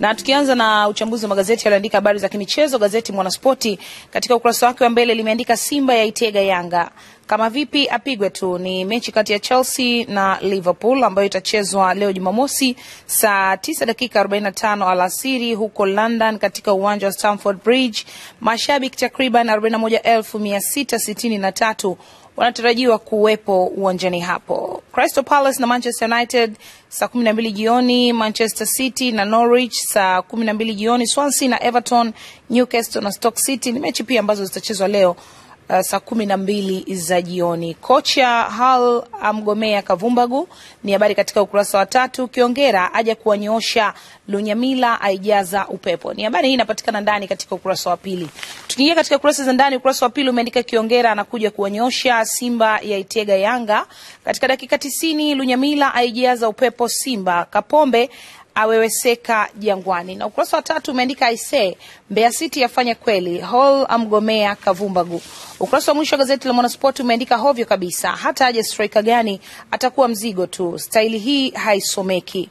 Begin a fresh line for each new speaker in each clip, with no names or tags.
Na tukianza na uchambuzi wa magazeti yaliyoandika habari za kimichezo, gazeti Mwanaspoti katika ukurasa wake wa mbele limeandika Simba yaitega Yanga kama vipi apigwe tu. Ni mechi kati ya Chelsea na Liverpool ambayo itachezwa leo Jumamosi saa 9 dakika 45 alasiri huko London katika uwanja wa Stamford Bridge. Mashabiki takriban 41663 wanatarajiwa kuwepo uwanjani hapo. Crystal Palace na Manchester United saa 12 jioni, Manchester City na Norwich saa 12 jioni, Swansea na Everton, Newcastle na Stoke City ni mechi pia ambazo zitachezwa leo uh, saa kumi na mbili za jioni. Kocha Hal amgomea Kavumbagu ni habari katika ukurasa wa tatu. Kiongera aja kuwanyoosha Lunyamila aijaza upepo, ni habari hii inapatikana ndani katika ukurasa wa pili. Tukiingia katika kurasa za ndani, ukurasa wa pili umeandika Kiongera anakuja kuwanyosha Simba ya itega Yanga katika dakika tisini. Lunyamila aijaza upepo Simba. Kapombe aweweseka Jangwani. Na ukurasa wa tatu umeandika aisee, Mbeya City yafanye kweli, Hall amgomea Kavumbagu. Ukurasa wa mwisho wa gazeti la Mwanaspoti umeandika hovyo kabisa, hata aje striker gani atakuwa mzigo tu, staili hii haisomeki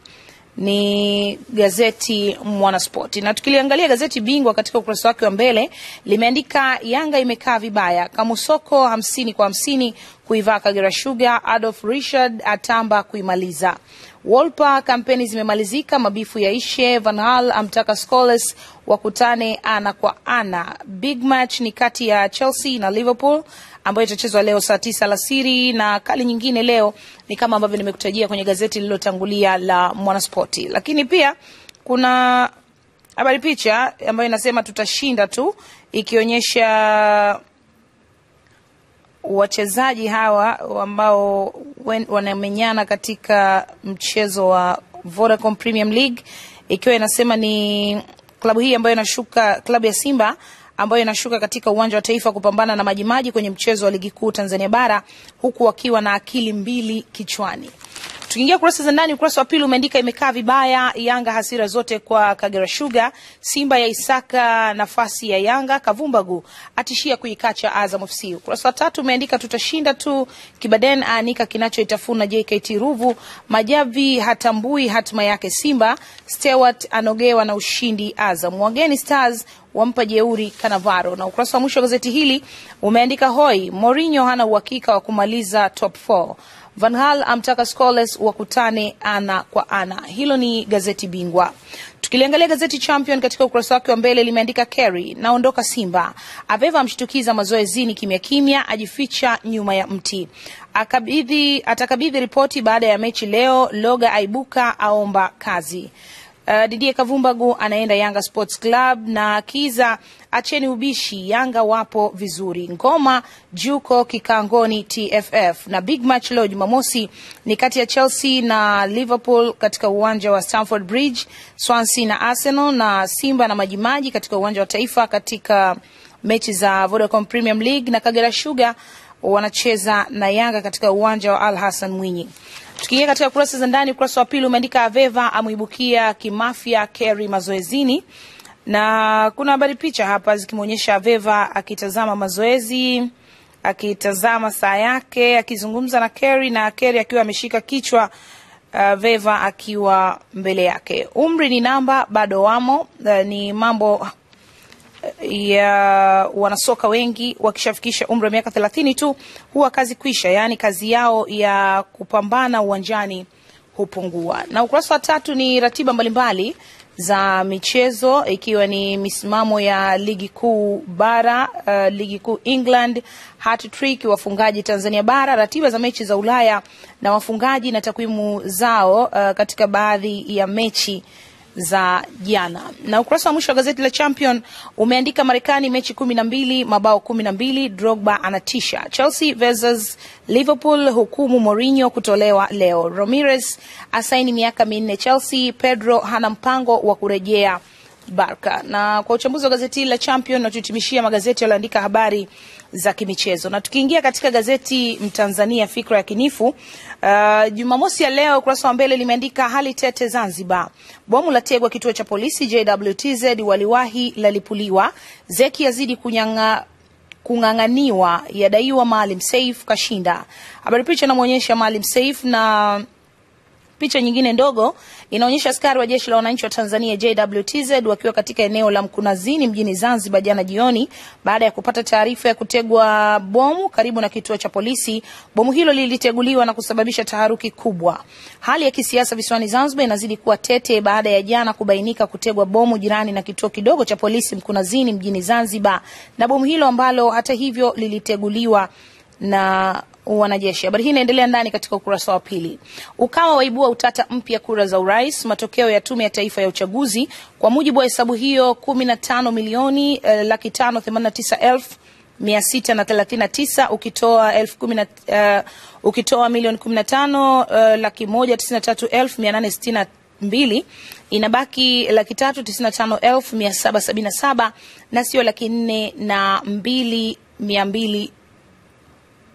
ni gazeti Mwanaspoti, na tukiliangalia gazeti Bingwa katika ukurasa wake wa mbele limeandika Yanga imekaa vibaya, Kamusoko hamsini kwa hamsini kuivaa Kagera Sugar, Adolf Richard atamba kuimaliza Wolpa, kampeni zimemalizika, mabifu yaishe. Van Hal amtaka Scholes wakutane ana kwa ana. Big match ni kati ya Chelsea na Liverpool ambayo itachezwa leo saa tisa alasiri, na kali nyingine leo ni kama ambavyo nimekutajia kwenye gazeti lililotangulia la Mwanaspoti. Lakini pia kuna habari picha ambayo inasema tutashinda tu, ikionyesha wachezaji hawa ambao wanamenyana katika mchezo wa Vodacom Premium League, ikiwa inasema ni klabu hii ambayo inashuka klabu ya Simba ambayo inashuka katika uwanja wa Taifa kupambana na Majimaji kwenye mchezo wa ligi kuu Tanzania bara huku wakiwa na akili mbili kichwani. Tukiingia kurasa za ndani, ukurasa wa pili umeandika imekaa vibaya Yanga, hasira zote kwa Kagera Sugar, Simba ya Isaka nafasi ya Yanga, Kavumbagu atishia kuikacha Azam FC. Ukurasa wa tatu umeandika tutashinda tu, Kibaden aanika kinachoitafuna JKT Ruvu, Majavi hatambui hatima yake Simba, Stewart anogewa na ushindi Azam, wageni Stars wampa jeuri Cannavaro. Na ukurasa wa mwisho wa gazeti hili umeandika hoi, Mourinho hana uhakika wa kumaliza top 4. Van Hal amtaka Scholes wakutane ana kwa ana. Hilo ni gazeti bingwa. Tukiliangalia gazeti Champion katika ukurasa wake wa mbele limeandika Kerry, naondoka Simba. Aveva amshtukiza mazoezini kimya kimya, ajificha nyuma ya mti. Akabidhi atakabidhi ripoti baada ya mechi leo. Loga aibuka aomba kazi. Uh, Didier Kavumbagu anaenda Yanga Sports Club na Kiza, acheni ubishi, Yanga wapo vizuri. Ngoma Juko Kikangoni TFF na big match leo Jumamosi ni kati ya Chelsea na Liverpool katika uwanja wa Stamford Bridge, Swansea na Arsenal na Simba na Majimaji katika uwanja wa Taifa katika mechi za Vodacom Premier League na Kagera Sugar wanacheza na Yanga katika uwanja wa Al Hassan Mwinyi. Tukiingia katika kurasa za ndani, ukurasa wa pili umeandika Aveva amwibukia kimafia Kerry mazoezini, na kuna habari picha hapa zikimwonyesha Aveva akitazama mazoezi akitazama saa yake akizungumza na Kerry na Kerry akiwa ameshika kichwa aveva akiwa mbele yake. Umri ni namba, bado wamo eh, ni mambo ya wanasoka wengi wakishafikisha umri wa miaka thelathini tu huwa kazi kwisha, yaani kazi yao ya kupambana uwanjani hupungua. Na ukurasa wa tatu ni ratiba mbalimbali za michezo ikiwa ni misimamo ya ligi kuu bara, uh, ligi kuu England, hat trick wafungaji Tanzania bara, ratiba za mechi za Ulaya na wafungaji na takwimu zao, uh, katika baadhi ya mechi za jana. Na ukurasa wa mwisho wa gazeti la Champion umeandika Marekani mechi kumi na mbili mabao kumi na mbili Drogba anatisha. Chelsea versus Liverpool hukumu Mourinho kutolewa leo. Ramirez asaini miaka minne Chelsea. Pedro hana mpango wa kurejea Barka. Na kwa uchambuzi wa gazeti la Champion natuhitimishia magazeti yaliyoandika habari za kimichezo, na tukiingia katika gazeti Mtanzania Fikra ya Kinifu uh, Jumamosi ya leo ukurasa wa mbele limeandika hali tete Zanzibar, bomu la tegwa kituo cha polisi, JWTZ waliwahi lalipuliwa, Zeki yazidi kunyang'a kung'ang'aniwa, yadaiwa Maalim Seif kashinda. Habari picha inamwonyesha Maalim Seif na Picha nyingine ndogo inaonyesha askari wa jeshi la wananchi wa Tanzania JWTZ wakiwa katika eneo la Mkunazini mjini Zanzibar jana jioni baada ya kupata taarifa ya kutegwa bomu karibu na kituo cha polisi. Bomu hilo liliteguliwa na kusababisha taharuki kubwa. Hali ya kisiasa visiwani Zanzibar inazidi kuwa tete baada ya jana kubainika kutegwa bomu jirani na kituo kidogo cha polisi Mkunazini mjini Zanzibar, na bomu hilo ambalo hata hivyo liliteguliwa na wanajeshi. Habari hii inaendelea ndani katika ukurasa wa pili. Ukawa waibua utata mpya kura za urais, matokeo ya Tume ya Taifa ya Uchaguzi. Kwa mujibu wa hesabu hiyo, kumi na tano milioni eh, laki tano themanini na tisa elfu mia sita na thelathini na tisa ukitoa elfu kumi na uh, ukitoa milioni kumi na tano uh, laki moja tisini na tatu elfu mia nane sitini na mbili inabaki laki tatu tisini na tano elfu mia saba sabini na saba na sio laki nne na mbili mia mbili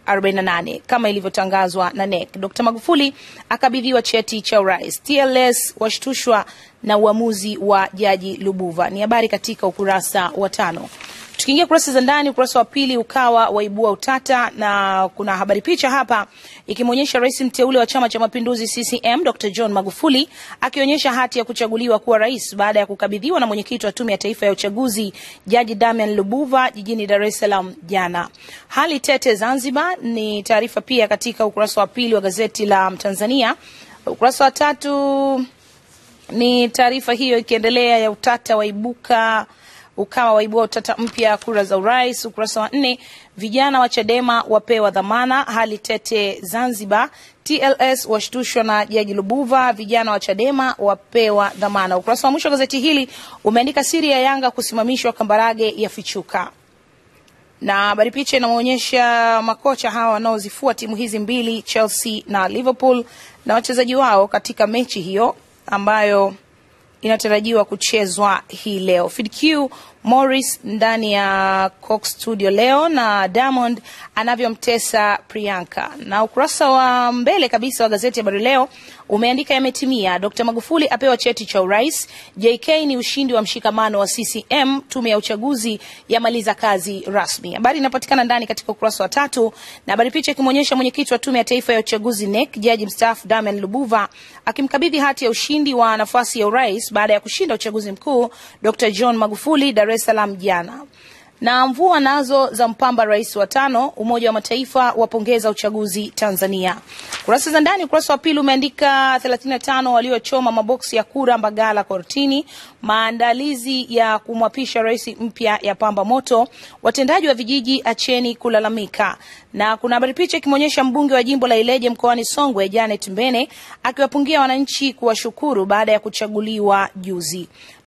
48 kama ilivyotangazwa na NEC. Dkt. Magufuli akabidhiwa cheti cha urais. TLS washtushwa na uamuzi wa Jaji Lubuva. Ni habari katika ukurasa wa tano. Tukiingia kurasa za ndani, ukurasa wa pili ukawa waibua utata, na kuna habari picha hapa ikimwonyesha rais mteule wa Chama cha Mapinduzi CCM Dr. John Magufuli akionyesha hati ya kuchaguliwa kuwa rais baada ya kukabidhiwa na mwenyekiti wa Tume ya Taifa ya Uchaguzi Jaji Damian Lubuva jijini Dar es Salaam jana. Hali tete Zanzibar ni taarifa pia katika ukurasa wa pili wa gazeti la Mtanzania. Ukurasa wa tatu ni taarifa hiyo ikiendelea ya utata waibuka ukawa waibua utata mpya kura za urais. Ukurasa wa nne, vijana wa Chadema wapewa dhamana, hali tete Zanzibar. TLS washtushwa na Jaji Lubuva, vijana wa Chadema wapewa dhamana. Ukurasa wa mwisho wa gazeti hili umeandika siri ya Yanga kusimamishwa, Kambarage yafichuka na habari picha inamwonyesha makocha hawa wanaozifua timu hizi mbili Chelsea na Liverpool na wachezaji wao katika mechi hiyo ambayo inatarajiwa kuchezwa hii leo. FIDQ Morris ndani ya Cox Studio leo na Diamond anavyomtesa Priyanka. Na ukurasa wa mbele kabisa wa gazeti Habari Leo umeandika yametimia, Dkt. Magufuli apewa cheti cha urais, JK ni ushindi wa mshikamano wa CCM, tume ya uchaguzi yamaliza kazi rasmi. Habari inapatikana ndani katika ukurasa wa tatu, na habari picha ikimwonyesha mwenyekiti wa tume ya taifa ya uchaguzi NEC, jaji mstaafu Damian Lubuva akimkabidhi hati ya ushindi wa nafasi ya urais baada ya kushinda uchaguzi mkuu Dkt. John Magufuli Dar es Salaam jana. Na mvua nazo za mpamba rais wa tano. Umoja wa Mataifa wapongeza uchaguzi Tanzania. Kurasa za ndani, ukurasa wa pili umeandika 35 waliochoma maboksi ya kura Mbagala kortini. Maandalizi ya kumwapisha rais mpya ya pamba moto. Watendaji wa vijiji acheni kulalamika. Na kuna habari picha ikimwonyesha mbunge wa jimbo la Ileje mkoani Songwe Janet Mbene akiwapungia wananchi kuwashukuru baada ya kuchaguliwa juzi.